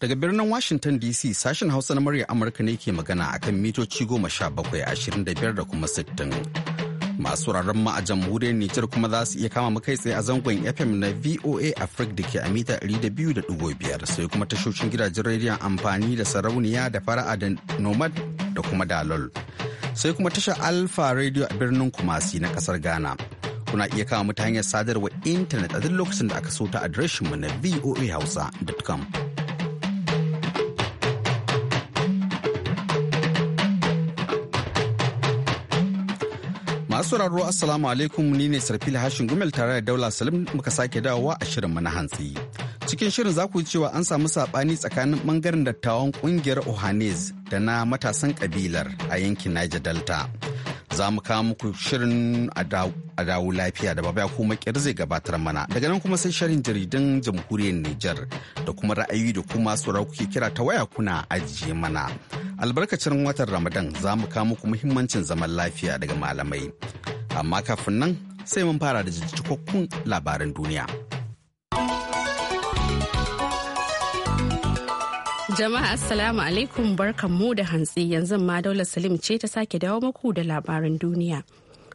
Daga birnin Washington DC sashen Hausa na murya Amurka ne ke magana akan mitoci goma sha bakwai ashirin da biyar da kuma sittin. Masu wuraren ma a jamhuriyar Nijar kuma za su iya kama makai tsaye a zangon FM na VOA Africa da ke a mita biyu da da biyar sai kuma tashoshin gidajen rediyon amfani da sarauniya da fara'a da nomad da kuma dalol. Sai kuma tashar Alpha Radio a birnin Kumasi na ƙasar Ghana. kuna iya kama mu hanyar sadarwa intanet a duk lokacin da aka so ta adireshinmu na voahausa.com. Masu raro Assalamu alaikum ni ne Sarfil Hashin Gumel tare da Daula Salim muka sake dawowa a shirin mu na hantsi. Cikin shirin za ku cewa an samu saɓani tsakanin bangaren dattawan kungiyar Ohanes da na matasan kabilar a yankin Niger Delta. Za mu kawo muku shirin a dawo lafiya da baba kuma ƙyar zai gabatar mana. Daga nan kuma sai shirin jaridan jamhuriyar Niger da kuma ra'ayi da kuma sauraro kuke kira ta waya kuna ajiye mana. albarkacin watan ramadan za mu kawo muku muhimmancin zaman lafiya daga malamai amma kafin nan sai mun fara da cikakkun labaran duniya jama'a assalamu alaikum barkanmu da hantsi yanzu ma daular salim ce ta sake dawo muku da labaran duniya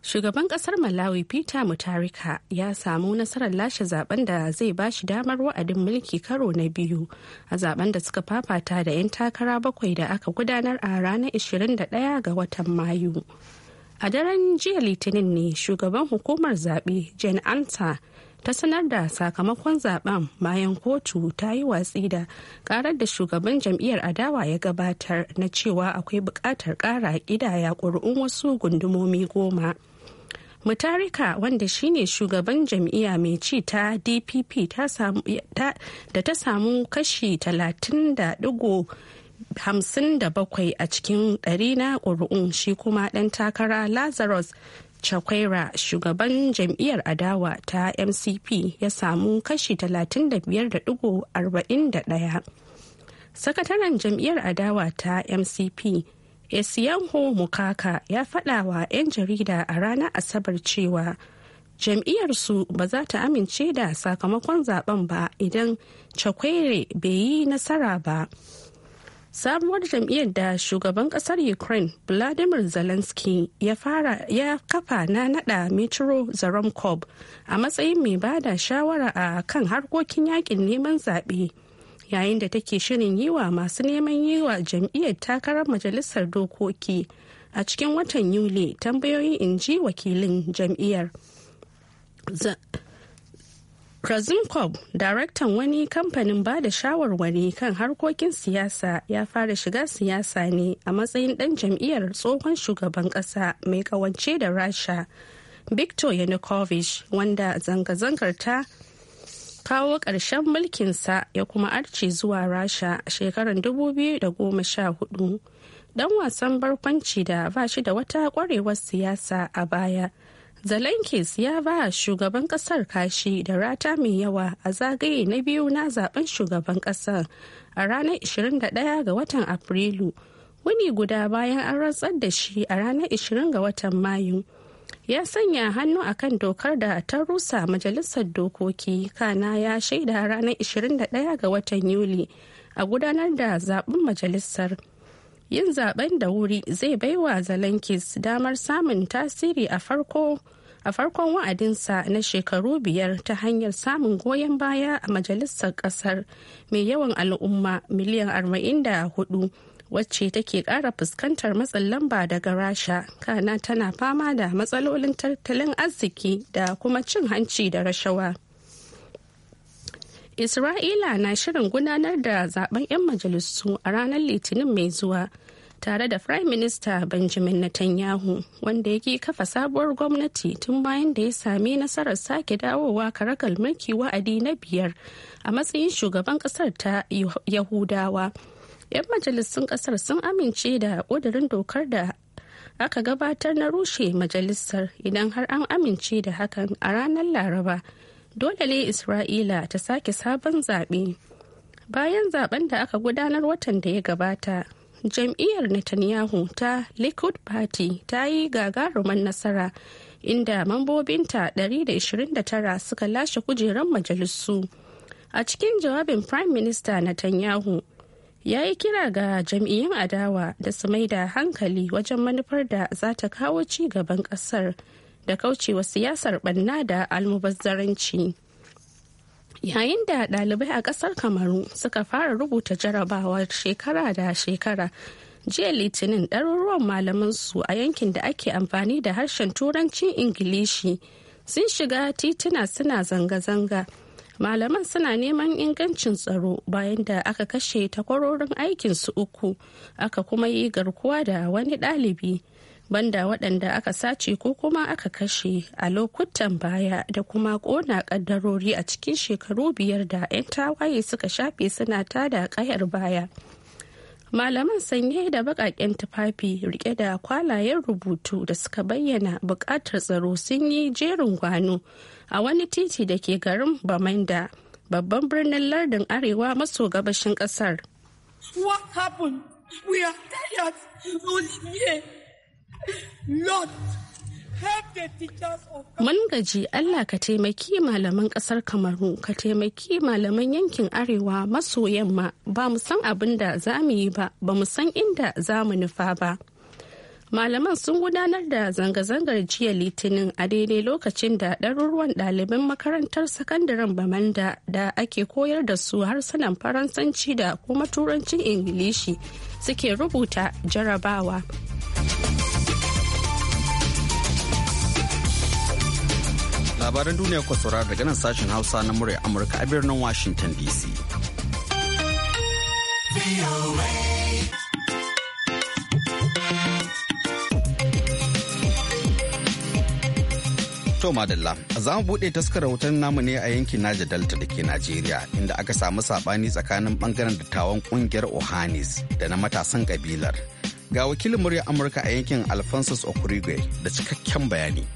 shugaban kasar malawi peter mutarika ya samu nasarar lashe zaben da zai ba shi damar wa'adin mulki karo na biyu a zaben da suka fafata da 'yan takara bakwai da aka gudanar a ranar 21 ga watan mayu a daren jiya litinin ne shugaban hukumar zaɓe jen ansa ta sanar da sakamakon zaben bayan kotu ta yi watsi da karar da shugaban jam'iyyar adawa ya gabatar na cewa akwai buƙatar ƙara ƙidaya ƙuri'un wasu gundumomi goma. mutarika wanda shine shugaban jam'iyya mai ci ta dpp da ta samu kashi 30.57 a cikin ɗari na ƙuri'un shi kuma ɗan takara lazarus chakwera shugaban jam'iyyar adawa ta mcp ya samu kashi 35.41 sakataren jam'iyyar adawa ta mcp Esiyanho Mukaka ya faɗa wa 'yan jarida a ranar Asabar cewa jam'iyyarsu ba za ta amince da sakamakon zaben ba idan Chakwere bai yi nasara ba. sabuwar jam'iyyar da shugaban kasar ukraine vladimir zelensky ya fara ya kafa na nada metro zaromkov a matsayin mai bada shawara a kan harkokin yakin neman zaɓe yayin da take shirin yi wa masu neman yi wa jam'iyyar takarar majalisar dokoki a cikin watan yuli tambayoyi in ji wakilin jam'iyyar Krazinkov, daraktan wani kamfanin ba da shawarwari kan harkokin siyasa ya fara shiga siyasa ne a matsayin ɗan jam'iyyar tsohon shugaban ƙasa mai kawance da rasha victor yanukovych wanda zanga-zangar ta kawo ƙarshen mulkinsa ya kuma arce zuwa rasha a shekarar 2014 dan wasan barkwanci da ba shi da wata ƙwarewar siyasa a baya Zelensky ya ba shugaban kasar kashi da rata mai yawa a zagaye na biyu na zaben shugaban kasar a ranar 21 ga watan Afrilu, wuni guda bayan an rantsar da shi a ranar 20 ga watan Mayu. ya sanya hannu a kan dokar da ta rusa majalisar dokoki kana ya shaida ranar 21 ga watan yuli a gudanar da zaben majalisar yin zaben da wuri zai baiwa zalankis damar samun tasiri a farko a farkon wa'adinsa na shekaru biyar ta hanyar samun goyon baya a majalisar kasar mai yawan al'umma miliyan 44 wacce take kara fuskantar matsin lamba daga rasha kana tana fama da matsalolin tattalin arziki da kuma cin hanci da rashawa isra'ila na shirin gudanar da zaben 'yan majalisu a ranar litinin mai zuwa tare da prime minister benjamin netanyahu wanda yake kafa sabuwar gwamnati tun bayan da ya sami nasarar sake dawowa karakal mulki wa'adi na biyar a matsayin shugaban kasar ta yahudawa 'yan majalisun kasar sun amince da kudurin dokar da aka gabatar na rushe majalisar idan har an amince da hakan a ranar laraba dole ne isra'ila ta sake sabon zaɓe bayan zaben da aka gudanar watan da ya gabata jam'iyyar netanyahu ta likud party ta yi gagarumar nasara inda mambobinta 129 suka lashe kujerar majalisu a cikin jawabin prime minister netanyahu ya yi kira ga jam'iyyun adawa da su mai da hankali wajen manufar da za ta kawo ci gaban kasar da kaucewa siyasar banna da almubazzaranci yayin da dalibai a ƙasar kamaru suka fara rubuta jarabawar shekara da shekara jiya litinin ɗaruruwan malamansu a yankin da ake amfani da harshen turancin ingilishi sun shiga tituna suna zanga-zanga malaman suna neman ingancin tsaro bayan da aka kashe takwarorin aikin su uku aka kuma yi garkuwa da wani ɗalibi banda waɗanda aka sace ko kuma aka kashe a lokutan baya da kuma ƙona ƙaddarori a cikin shekaru biyar da 'yan tawaye suka shafe suna tada ƙayar baya malaman sanye da baƙaƙen tufafi rike da kwalayen rubutu da suka bayyana buƙatar tsaro sun yi jerin gwano a wani titi da ke garin Bamenda, babban birnin lardin arewa maso gabashin kasar. Mun gaji Allah ka taimaki malaman ƙasar Kamaru, ka taimaki malaman yankin Arewa maso yamma, ba mu san abin da za mu yi ba, ba mu san inda za mu nufa ba. malaman sun gudanar da zanga-zangar jiya litinin a daidai lokacin da ɗaruruwan ɗaliban makarantar sakandaren bamanda da ake koyar da su harsunan faransanci da kuma turancin ingilishi suke rubuta jarabawa labaran duniya ku saurara daga nan sashen hausa na murya amurka a birnin washington dc To madalla, za mu buɗe taskara wutar namu ne a yankin Naja Delta da ke Najeriya, inda aka samu saɓani tsakanin ɓangaren dattawan ƙungiyar Ohanis da na matasan kabilar Ga wakilin murya Amurka a yankin Alphonsus Okurigwe da cikakken bayani.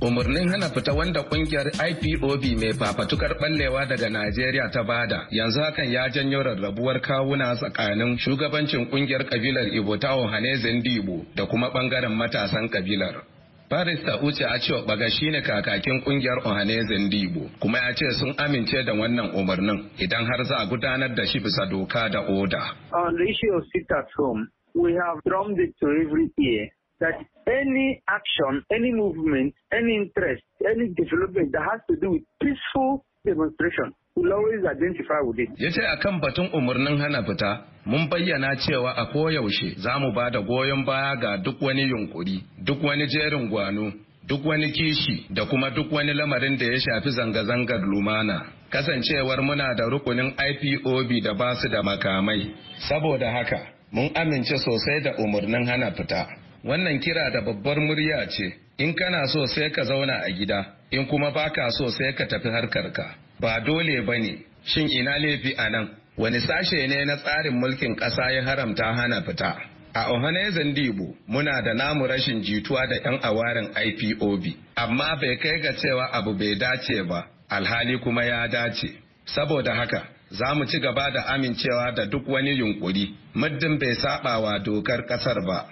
umarnin hana fita wanda kungiyar IPOB mai fafatukar ɓallewa daga Najeriya ta bada yanzu hakan ya janyo rarrabuwar kawuna tsakanin shugabancin kungiyar kabilar Ibo ta Ohaneze Ndibo da kuma bangaren matasan kabilar. Barista Uche cewa Baga shine kakakin kungiyar Ohanezen Dibo kuma ya ce sun amince da wannan umarnin idan har za a gudanar da shi bisa doka da oda. On the issue of sit at home, we have drummed it to every ear that any action, any movement, any interest, any development that has to do with peaceful demonstration will always identify with it. Ya ce akan batun umarnin hana fita, mun bayyana cewa a koyaushe za mu ba da goyon baya ga duk wani yunkuri, duk wani jerin gwano, duk wani kishi da kuma duk wani lamarin da ya shafi zanga-zangar lumana. Kasancewar muna da rukunin IPOB da basu da makamai. Saboda haka, mun amince sosai da umarnin hana fita. Wannan kira da babbar murya ce, in kana so sai ka zauna a gida, in kuma baka so sai ka tafi harkar ka. ba dole ba ne shin ina laifi a nan wani sashe ne na tsarin mulkin ƙasa ya haramta hana fita a ohanezen dibo muna da namu rashin jituwa da 'yan awarin ipob amma bai kai ga cewa abu bai dace ba alhali kuma ya dace saboda haka za mu ci gaba da amincewa da duk wani yunkuri muddin bai sabawa dokar kasar ba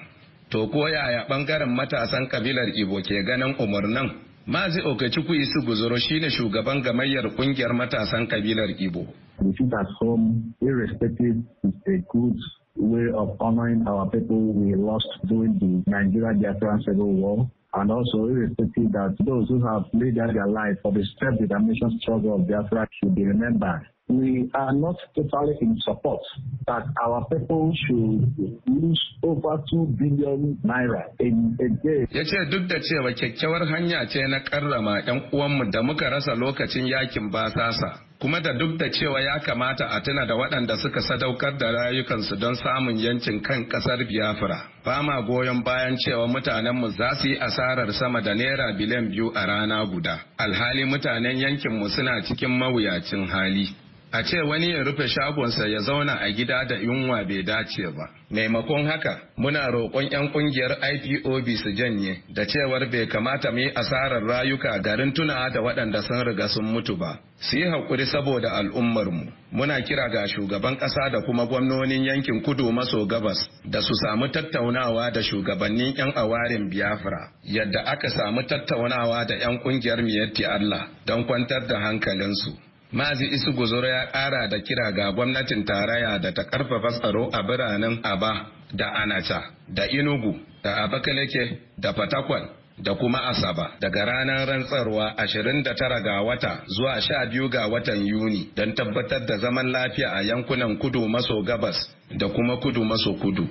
to ko yaya bangaren matasan kabilar ibo ke ganin umarnin Mazi Okechukwu Isu Guzuro shine shugaban gamayyar kungiyar matasan kabilar Igbo. We should assume irrespective is a good way of honoring our people we lost during the Nigeria-Biafran Civil War. and also irrespective that those who have laid down their life for the self-determination struggle of Biafra should be remembered we are not totally in support that our people should lose over 2 billion naira in a day. Ya ce duk da cewa kyakkyawar hanya ce na karrama 'yan uwanmu da muka rasa lokacin yakin basasa. kuma da duk da cewa ya kamata a tuna da waɗanda suka sadaukar da rayukansu don samun yancin kan ƙasar biafra ba ma goyon bayan cewa mutanenmu za su yi asarar sama da naira biliyan biyu a rana guda alhali mutanen yankinmu suna cikin mawuyacin hali A ce wani ya rufe shagonsa ya zauna a gida da yunwa bai dace ba. Maimakon haka, muna roƙon 'yan ƙungiyar IPOB su janye da cewar bai kamata mu yi asarar rayuka garin tuna da waɗanda sun riga sun mutu ba. Su yi haƙuri saboda al'ummarmu. Muna kira ga shugaban ƙasa da kuma gwamnonin yankin kudu maso gabas da su samu tattaunawa da shugabannin 'yan awarin Biafra yadda aka samu tattaunawa da 'yan ƙungiyar Miyatti Allah don kwantar da hankalinsu. Mazi Isu Guzoro ya ƙara da kira ga gwamnatin tarayya da ta ƙarfafa tsaro a biranen Aba da Anacha da Inugu da Abakaleke da Fatakwal da kuma Asaba daga ranar rantsarwa 29 ga wata zuwa 12 ga watan Yuni don tabbatar da zaman lafiya a yankunan kudu maso gabas da kuma kudu maso kudu.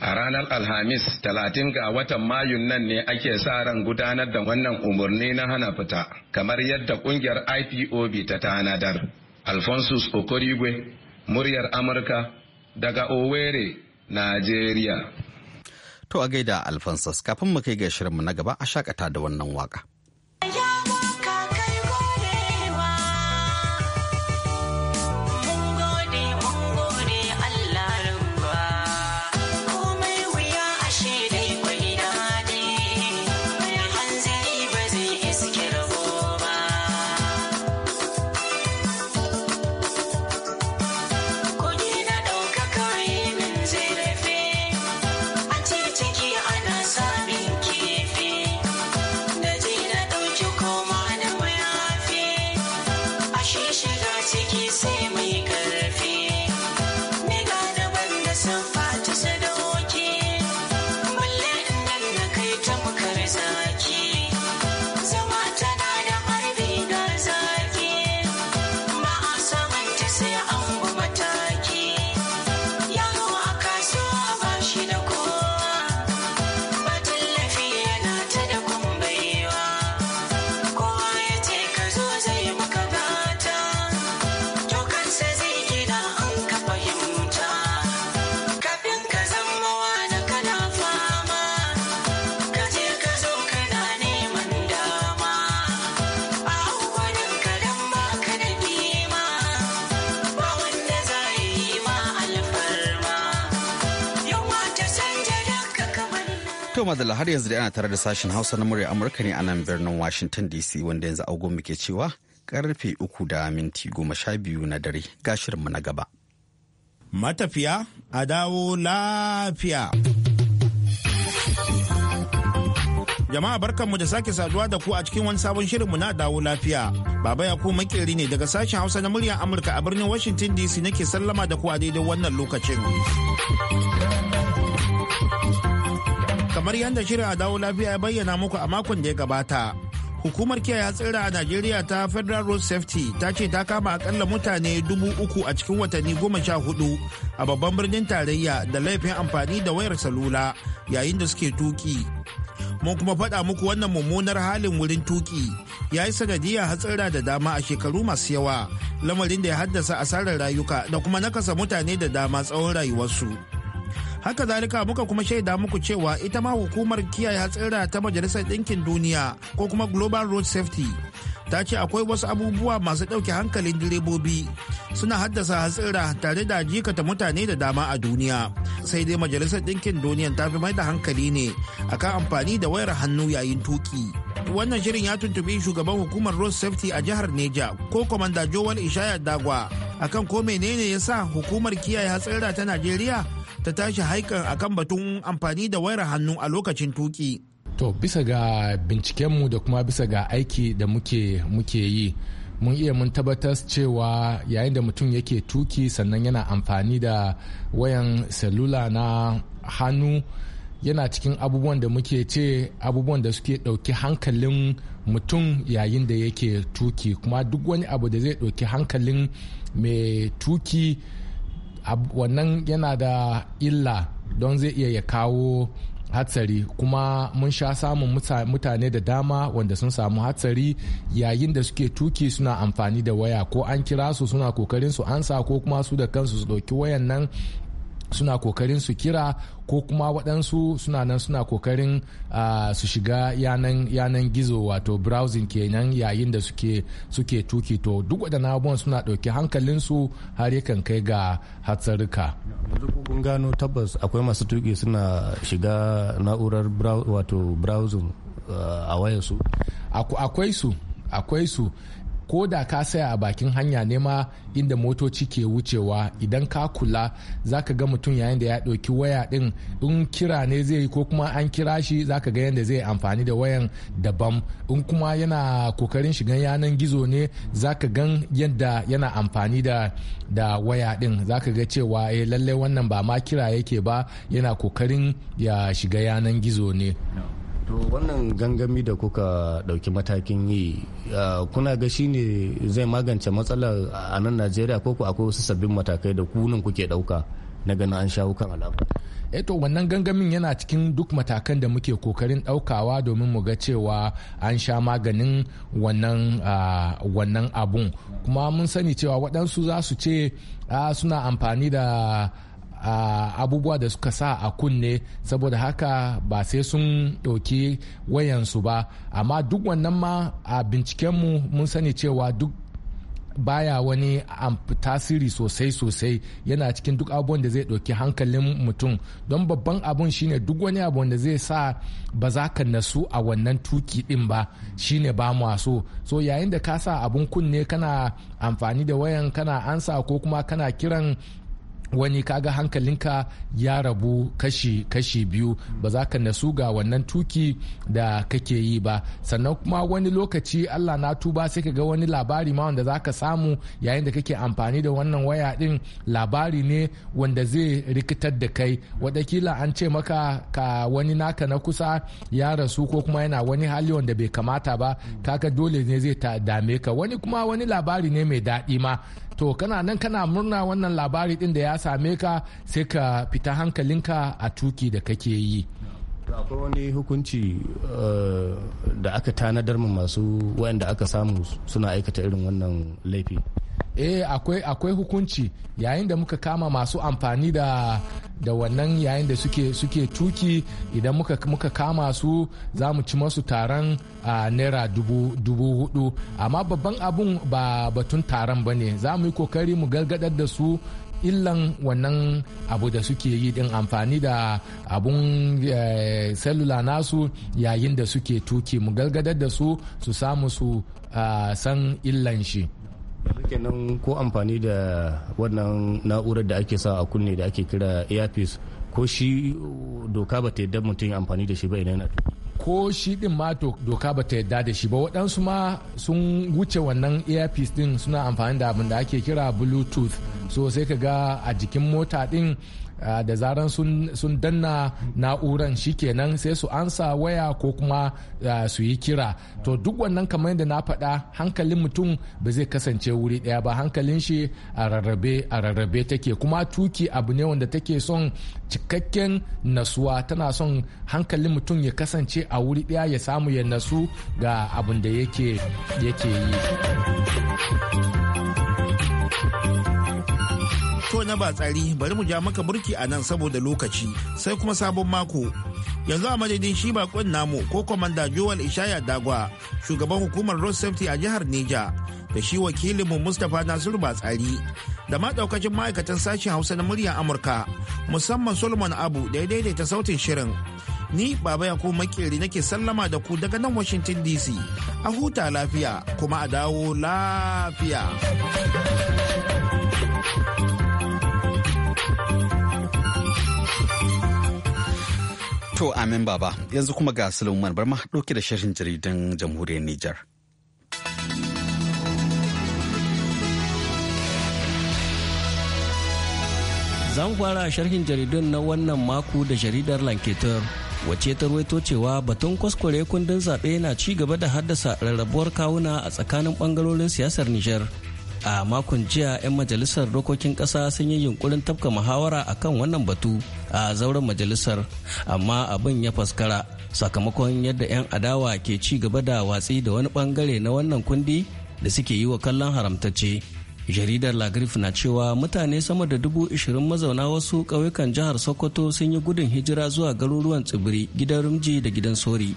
A ranar Alhamis talatin ga watan Mayun nan ne ake sa ran gudanar da wannan umarni na hana fita, kamar yadda kungiyar IPOB ta tanadar. Alphonsus Okorigwe, muryar Amurka, daga Owerri, Najeriya. To a gaida Alphonsus kafin mu kai ga shirinmu na gaba a shakata da wannan waka. da har yanzu da yana tare da sashen hausa na murya amurka ne a nan birnin washington dc wanda yanzu agon muke cewa karfe uku da minti goma sha biyu na dare ga na gaba matafiya a dawo lafiya jama'a barkanmu da sake saduwa da ku a cikin wani sabon shirinmu na dawo lafiya baba ya ku makeri ne daga sashen hausa na murya amurka a birnin washington dc nake sallama da ku a daidai wannan lokacin kamar yadda shirin a dawo lafiya ya bayyana muku a makon da ya gabata hukumar kiyaye tsira a najeriya ta federal road safety ta ce ta kama akalla mutane dubu uku a cikin watanni goma sha hudu a babban birnin tarayya da laifin amfani da wayar salula yayin da suke tuki mun kuma faɗa muku wannan mummunar halin wurin tuki ya yi sanadiyar hatsira da dama a shekaru masu yawa lamarin da ya haddasa asarar rayuka da kuma nakasa mutane da dama tsawon rayuwarsu. haka zalika muka kuma shaida muku cewa ita ma hukumar kiyaye hatsira ta majalisar ɗinkin duniya ko kuma global road safety ta ce akwai wasu abubuwa masu ɗauke hankalin direbobi suna haddasa hatsira tare da jikata mutane da dama a duniya sai dai majalisar ɗinkin duniya ta fi mai da hankali ne akan amfani da wayar hannu yayin tuki wannan shirin ya tuntubi shugaban hukumar road safety a jihar neja ko kwamanda jowal ishaya dagwa akan ko menene ya sa hukumar kiyaye hatsira ta najeriya ta tashi haikan akan batun amfani da wayar hannu a lokacin tuki. To bisa ga bincikenmu da kuma bisa ga aiki da muke muke yi mun iya mun tabbatar cewa yayin da mutum yake tuki sannan yana amfani da wayan salula na hannu yana cikin abubuwan da muke ce abubuwan da suke ɗauki hankalin mutum yayin da yake tuki kuma duk wani abu da zai ɗauki hankalin mai tuki wannan yana da illa don zai iya ya kawo hatsari kuma mun sha samun mutane da dama wanda sun samu hatsari yayin da suke tuki suna amfani da waya ko an kira su suna kokarin su ansa ko kuma su da kansu su ɗauki wayan nan suna kokarin su kira ko kuma waɗansu suna nan suna kokarin su shiga yanan gizo wato browsing kenan yayin da suke tuki to duk waɗannan abubuwan suna ɗauki hankalinsu har yakan kai ga hatsarika yanzu kun gano tabbas akwai masu tuki suna shiga na'urar wato browsing a wayarsu akwai su akwai su ko da ka saya a bakin hanya nema inda motoci ke wucewa idan ka kula za ka ga mutum yayin da ya ɗauki waya ɗin in kira ne zai yi ko kuma an kira shi za ka ga yadda zai amfani da wayan daban in kuma yana kokarin shigan yanan gizo ne za ka gan yadda yana amfani da da waya ɗin za ka ga cewa eh lallai wannan ba ma kira yake ba yana kokarin ya shiga yanan gizo ne. to wannan gangami da kuka dauki matakin yi kuna ga shi ne zai magance matsalar a nan najeriya ko ku akwai wasu sabbin matakai da kunan kuke dauka na ganin an shawo kan alamu eh to wannan gangamin yana cikin duk matakan da muke kokarin daukawa domin mu ga cewa an sha maganin wannan wannan abun kuma mun sani cewa waɗansu za su ce suna amfani da abubuwa da suka sa a kunne saboda haka ba sai sun ɗauki wayansu ba amma duk wannan ma a bincikenmu mun sani cewa duk baya wani tasiri sosai-sosai yana cikin duk abubuwan da zai ɗauki hankalin mutum don babban abun shine duk wani abu da zai sa ba za ka nasu a wannan tuki ɗin ba shine ba mu so so yayin da ka sa abun kunne kana amfani da wayan kana ansa ko kuma kana kiran wani kaga hankalinka ya rabu kashi-kashi biyu ba za ka nasu ga wannan tuki da kake yi ba sannan kuma wani lokaci allah na tuba sai ka ga wani labari ma wanda za ka samu yayin da kake amfani da wannan waya din labari ne wanda zai rikitar da kai watakila an ce maka ka wani naka na kusa ya rasu ko kuma yana wani hali wanda bai kamata ba kaka dole ne zai dame ka wani kuma wani labari ne mai daɗi ma to kana nan kana murna wannan labari din da ya same ka sai ka fita hankalinka a tuki da kake yi akwai wani hukunci eh, da aka tanadar mu masu wayanda aka samu suna aikata irin wannan laifi eh akwai hukunci yayin da muka kama masu amfani da da wannan yayin da suke suke tuki idan muka muka kama su za mu ci masu taron a naira dubu, dubu hudu amma babban abun ba batun taron ba ne za mu yi kokari mu galgadar da su illan wannan abu da suke yi din amfani da abun eh, cellular nasu yayin da suke tuki mu galgadar da su su samu su ah, san illan shi kenan ko amfani da wannan na'urar da ake sa a kunne da ake kira earpiece ko shi doka ba ta yadda mutum amfani da shi ba idan yana ko shi din ma doka ba ta yadda da shi ba waɗansu ma sun wuce wannan earpiece din suna amfani da abin da ake kira bluetooth so sai ka ga a jikin mota din Ah, da zaran sun danna na'uran shi shikenan sai su ansa waya ko kuma ah, su yi kira to duk wannan kamar yadda na faɗa hankalin mutum ba zai kasance wuri ɗaya ba hankalin shi a rarrabe a rarrabe take kuma tuki abu ne wanda take son cikakken nasuwa tana son hankalin mutum ya kasance a wuri ɗaya ya samu ya nasu ga abin da yake yi To na ba tsari bari mu ja maka burki a nan saboda lokaci sai kuma sabon mako. Yanzu a madadin shi bakon namu ko kwamanda Joel Ishaya Dagwa shugaban hukumar Road Safety a jihar Neja da shi wakilinmu Mustapha Nasiru Batsari da ma daukacin ma'aikatan sashen Hausa na muryar Amurka musamman Solomon Abu da ya daidaita sautin shirin. Ni Baba kuma Makeri nake sallama da ku daga nan Washington DC. A huta lafiya kuma a dawo lafiya. To amin baba yanzu kuma ga Suleiman Barma ɗauke da shirin jaridan jamhuriyar Nijar. Zan fara sharhin jaridun na wannan mako da jaridar Lanketer Wace ta ruwaito cewa batun kwaskware kundin zaɓe na ci gaba da haddasa rarrabuwar kawuna a tsakanin ɓangarorin siyasar Nijar. A makon jiya 'yan majalisar dokokin ƙasa sun yi yunkurin tafka muhawara akan wannan batu. a zauren majalisar amma abin ya faskara sakamakon yadda 'yan adawa ke ci gaba da watsi da wani bangare na wannan kundi da suke yi wa kallon haramtacce jaridar lagrif na cewa mutane sama da dubu ishirin mazauna wasu ƙauyukan jihar sokoto sun yi gudun hijira zuwa garuruwan tsibiri gidan rumji da gidan sori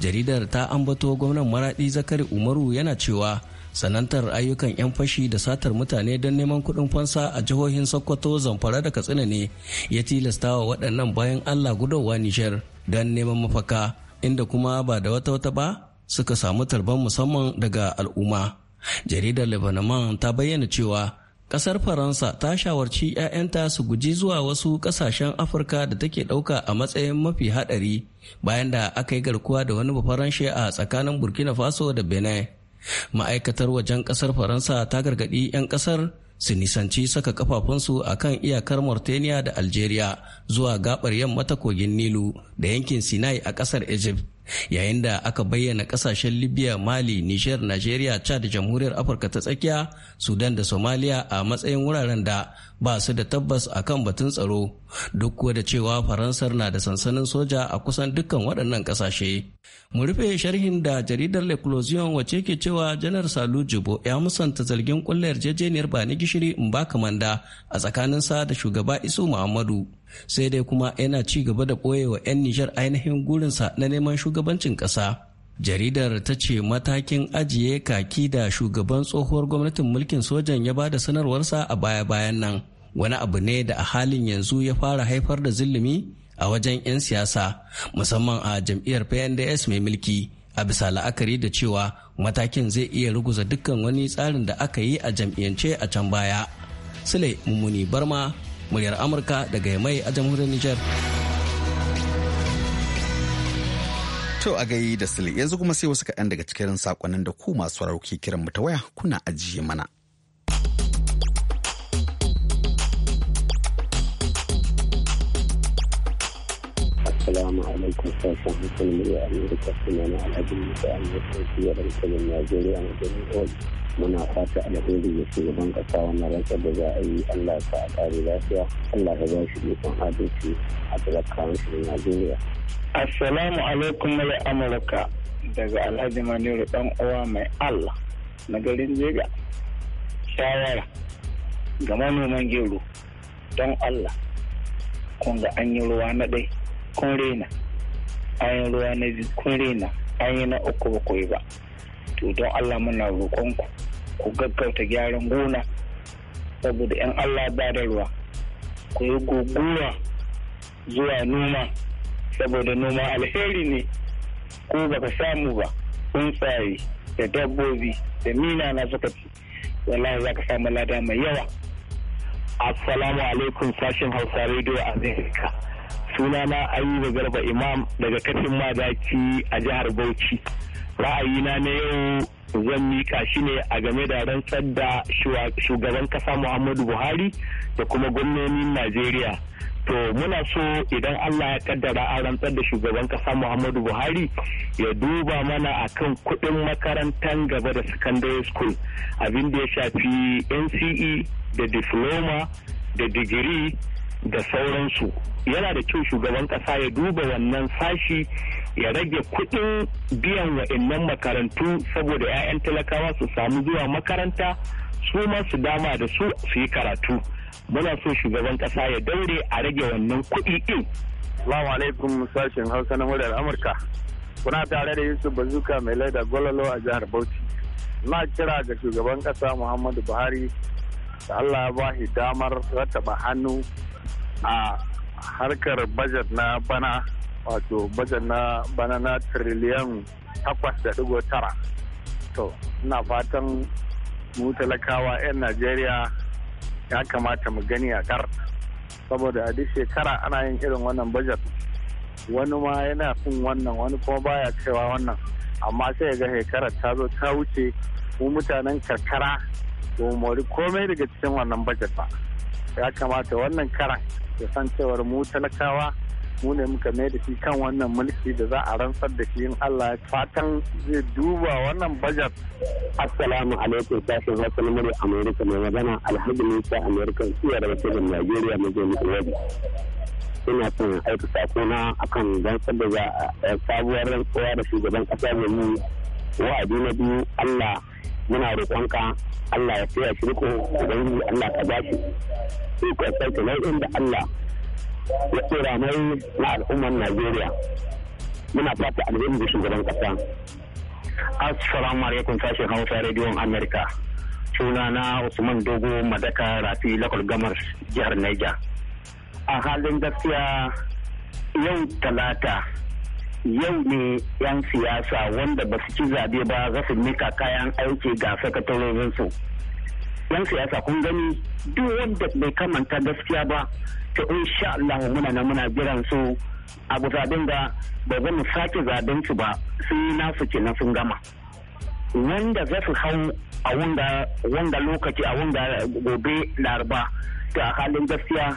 jaridar ta ambato gwamnan maradi zakari umaru yana cewa sanantar ayyukan 'yan fashi da satar mutane don neman kuɗin fansa a jihohin sokoto zamfara da katsina ne ya tilasta wa waɗannan bayan allah gudowa nijar don neman mafaka inda kuma ba da wata wata ba suka samu tarban musamman daga al'umma jaridar lebanon ta bayyana cewa ƙasar faransa ta shawarci 'ya'yanta su guji zuwa wasu ƙasashen afirka da take ɗauka a matsayin mafi haɗari bayan da aka yi garkuwa da wani bafaranshe a tsakanin burkina faso da benin ma'aikatar wajen ƙasar faransa ta gargaɗi 'yan ƙasar su nisanci saka kafafunsu a kan iyakar mauritania da algeria zuwa gabar yamma ta kogin nilu da yankin sinai a ƙasar egypt yayin da aka bayyana kasashen libya mali niger nigeria chad jamhuriyar afirka ta tsakiya sudan da somalia a matsayin wuraren da ba su da tabbas a kan batun tsaro duk kuwa da cewa faransar na da sansanin soja a kusan dukkan waɗannan ƙasashe. mu rufe sharhin da jaridar l'eclosion wace ke cewa janar salu jubo ya musanta zargin kullayar yarjejeniyar ba ni gishiri in ba kamanda a tsakaninsa da shugaba isu muhammadu sai dai kuma yana ci gaba da ɓoyewa 'yan nijar ainihin gurinsa na neman shugabancin ƙasa jaridar ta ce matakin ajiye kaki da shugaban tsohuwar gwamnatin mulkin sojan ya ba da sanarwarsa a baya-bayan nan wani abu ne da a halin yanzu ya fara haifar da zulumi a wajen 'yan siyasa musamman a jam'iyyar pnds mai mulki a bisa la'akari da cewa matakin zai iya ruguza dukkan wani tsarin da aka yi a jam'iyyance a can baya sule mummuni barma muryar amurka daga mai a jamhuriyar nijar To a gai da sili yanzu kuma sai wasu kaɗan daga cikin sakonnin da ku masu rauke kiran mu ta waya kuna ajiye mana. Assalamu alaikum sashen hukun murya Amurka suna na alhaji Musa Amurka su yaran nigeria Najeriya a Najeriya. muna fata alheri ga shugaban kasa wannan rantsar da za a yi allah ta a kare lafiya allah ta ba shi ikon adalci a talakawan shi na najeriya assalamu alaikum mai amurka daga alhaji maniru dan uwa mai allah na garin jega shawara ga manoman gero don allah kun ga an yi ruwa na ɗai kun rena an yi ruwa na biyu kun rena an yi na uku ba ba to don allah muna roƙonku ku gaggauta gyaran gona saboda 'yan allah ba da ruwa ku yi guguwa zuwa noma saboda noma alheri ne ko baka samu ba tsuntsaye da dabbobi da mina na suka ci wallahi za ka samu lada mai yawa assalamu alaikum sashen hausa radio a sunana ayuba garba imam daga katin madaki a jihar bauchi ra'ayina na yau zan mika shi ne a game da rantsar da shugaban kasa muhammadu buhari da kuma gwamnonin najeriya to muna so idan allah ya kaddara a rantsar da shugaban kasa muhammadu buhari ya duba mana a kan kudin makarantar gaba da secondary school abin da ya shafi nce da diploma da digiri da sauransu yana da kyau shugaban kasa ya duba wannan sashi ya rage kuɗin biyan wa'annan makarantu saboda 'ya'yan talakawa su samu zuwa makaranta su ma su dama da su su yi karatu muna so shugaban ƙasa ya daure a rage wannan kuɗi ɗin. Salamu alaikum sashen Hausa na muryar Amurka. Kuna tare da Yusuf Bazuka mai laida gwalolo a jihar Bauchi. Na kira ga shugaban ƙasa Muhammadu Buhari da Allah ya ba shi damar rattaba hannu a harkar bajet na bana wato bajan na banana triliyan takwas da digo tara to ina fatan mu talakawa 'yan najeriya ya kamata mu gani a kar saboda a duk shekara ana yin irin wannan bajet wani ma yana fin wannan wani kuma baya cewa wannan amma sai ga shekarar ta zo ta wuce mu mutanen karkara ba mu mori komai daga cikin wannan bajet ba ya kamata wannan karan ya san cewar mu talakawa mu ne muka mai da shi kan wannan mulki da za a rantsar da shi in Allah fatan zai duba wannan bajar. Assalamu alaikum sashen Hausa na amurka mai magana Alhaji amurka suya da wasu Najeriya mai zai muku Ina son aika sakona akan rantsar da za eh, a sabuwar rantsuwa da shugaban kasa da yi wa'adi na biyu Allah muna roƙonka Allah ya tsaya shi riko ubangiji Allah ka ba shi sai ka sauke nau'in da Allah ya ramai na al'ummar najeriya muna fata alheri da shugaban kasa assalamu alaikum sashen hausa rediyon america suna na usman dogo madaka rafi lakol gamar jihar naija a halin gaskiya yau talata yau ne 'yan siyasa wanda ba su ci zabe ba za su mika kayan aiki ga sakatarorinsu yan siyasa kun gani duk wanda bai kamanta gaskiya ba to insha Allah muna na muna jiran su abu gudadin da ba zan sake zaben su ba sun yi nasu kenan sun gama wanda za su hau a wanda lokaci a wanda gobe laraba da halin gaskiya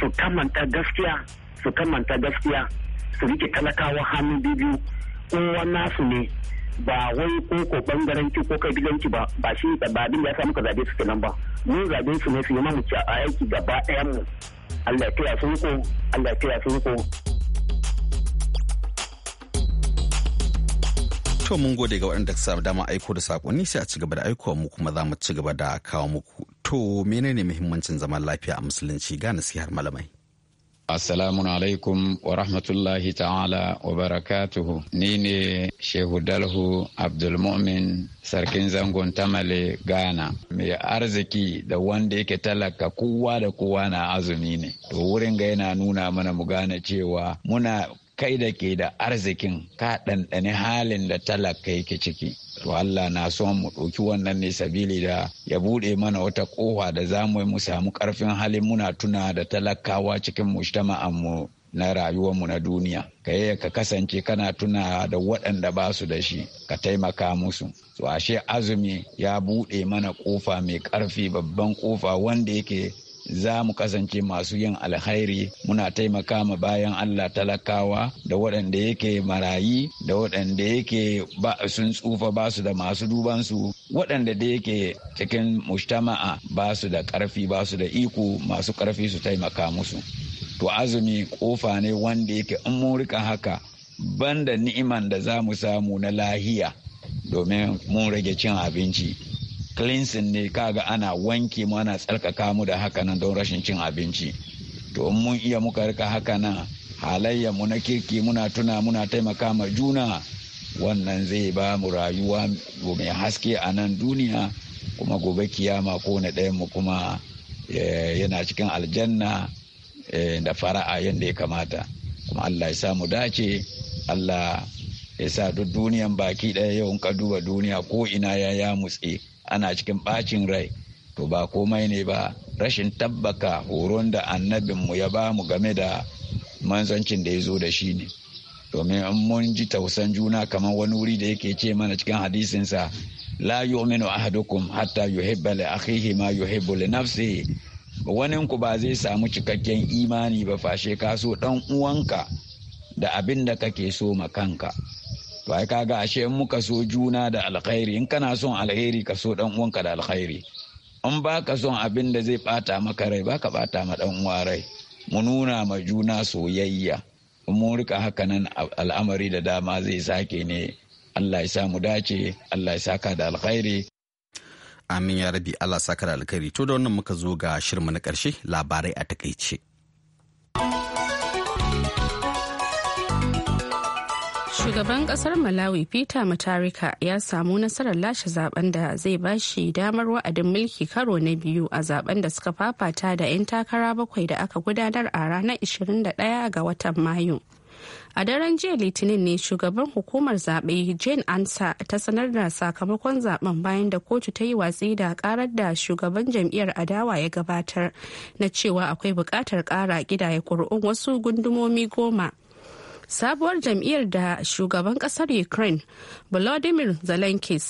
su kamanta gaskiya su kamanta gaskiya su rike talakawa hannu biyu kowa nasu ne ba wai ko ko bangaranci ko kabilanci ba ba shi ba abin da ya samu ka zabe su kenan ba mu zabe su ne su yi mamu a aiki gaba ɗayan mu Allah ya su ko Allah ya su ko To mun gode ga waɗanda suka dama aiko da sakonni sai a ci gaba da aikowa mu kuma za mu ci gaba da kawo muku. To menene muhimmancin zaman lafiya a musulunci ga nasihar malamai? Assalamu alaikum wa rahmatullahi ta'ala wa barakatuhu. Ni ne Shehu Dalhu Abdulmumin Sarkin zangon Tamale Ghana. Mai arziki da wanda yake talaka kowa da kowa na azumi ne. To wurin ga yana nuna mana mu gane cewa muna kai da ke da arzikin ka ɗanɗani halin da talaka yake ciki. to Allah na son mu ɗauki wannan ne sabili da ya buɗe mana wata ƙofa da za mu mu samu ƙarfin halin muna tuna da talakawa cikin mu na rayuwarmu na duniya ka ka kasance kana tuna da waɗanda ba su da shi ka taimaka musu to ashe azumi ya buɗe mana ƙofa mai ƙarfi babban ƙofa wanda yake za mu kasance masu yin alhairi muna taimaka ma bayan Allah talakawa da waɗanda yake marayi da waɗanda yake sun tsufa ba su da masu dubansu waɗanda da yake cikin mujtama'a ba su da ƙarfi ba su da iko masu ƙarfi su taimaka musu to azumi kofa ne wanda yake in mun rika haka banda ni'iman da za mu samu na lahiya domin mun rage cin abinci cleansing ne kaga ana wanke mu ana tsarkaka mu da haka nan don rashin cin abinci to in mun iya muka rika haka nan halayya mu na kirki muna tuna muna taimaka ma juna wannan zai ba mu rayuwa mai haske a nan duniya kuma gobe kiyama ko na ɗayan mu kuma eh, yana cikin aljanna eh, da fara'a yadda ya kamata kuma allah ya samu dace allah sa duk duniyan baki ɗaya yau in ka duba duniya ko ina ya ya mutse ana cikin ɓacin rai to ba komai ne ba rashin tabbaka horon da annabinmu ya ba mu game da manzancin da ya zo da shi ne domin in mun ji tausan juna kamar wani wuri da yake ce mana cikin hadisinsa la yu'minu ahadukum hatta yuhibba li akhihi ma yuhibbu li nafsihi wanin ku ba zai samu cikakken imani ba fashe ka so dan uwanka da abin da kake so ma kanka to ai ga ashe in muka so juna da alkhairi in kana son alheri ka so dan uwanka da alkhairi in ba ka son abin da zai bata maka rai ba ka bata ma dan uwa rai mu nuna ma juna soyayya in mu rika haka nan al'amari da dama zai sake ne Allah ya sa mu dace Allah ya saka da alkhairi amin ya rabi Allah saka da alkhairi to da wannan muka zo ga shirma na karshe labarai a takaice Shugaban kasar Malawi Peter mutarika ya samu nasarar lashe zaben da zai bashi damar wa'adin mulki karo na biyu a zaben da suka fafata da 'yan takara bakwai da aka gudanar a ranar 21 ga watan Mayu. A daren jiya Litinin ne shugaban hukumar zaɓe Jane Ansa ta sanar da sakamakon zaben bayan da kotu ta yi watsi da karar da shugaban jam'iyyar adawa ya gabatar na cewa akwai buƙatar ƙara gidaya kuri'un wasu gundumomi goma. sabuwar jam'iyyar da shugaban kasar ukraine volodymyr zelensky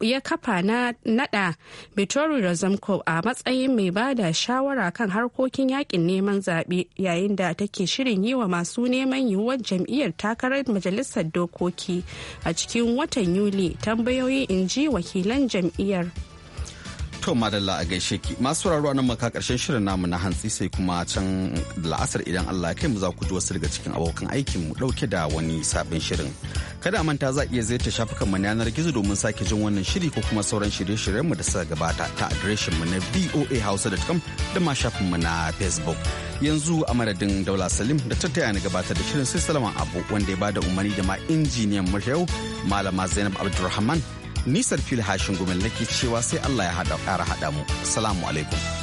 ya kafa na nada vittori razumkov a matsayin mai ba da shawara kan harkokin yakin neman zaɓe yayin da take shirin yi wa masu neman yiwuwar jam'iyyar takarar majalisar dokoki a cikin watan yuli tambayoyi in ji wakilan jam'iyyar. To madalla a gaishe ki masu sauraro nan maka karshen shirin namu na hantsi sai kuma can la'asar idan Allah ya kai mu za ku ji wasu daga cikin abokan aikin mu dauke da wani sabon shirin. Kada a manta za iya ziyarta shafukan mu yanar gizo domin sake jin wannan shiri ko kuma sauran shirye-shiryen mu da suka gabata ta adireshin mu na voahausa.com da ma shafin mu na Facebook. Yanzu a madadin Daula Salim da tattaya na gabatar da shirin sai Salama Abu wanda ya bada umarni da ma injiniyan mu yau Malama Zainab Abdulrahman Nisar fili hashin gumel nake cewa sai Allah ya haɗa ƙara haɗa mu. Salamu alaikum.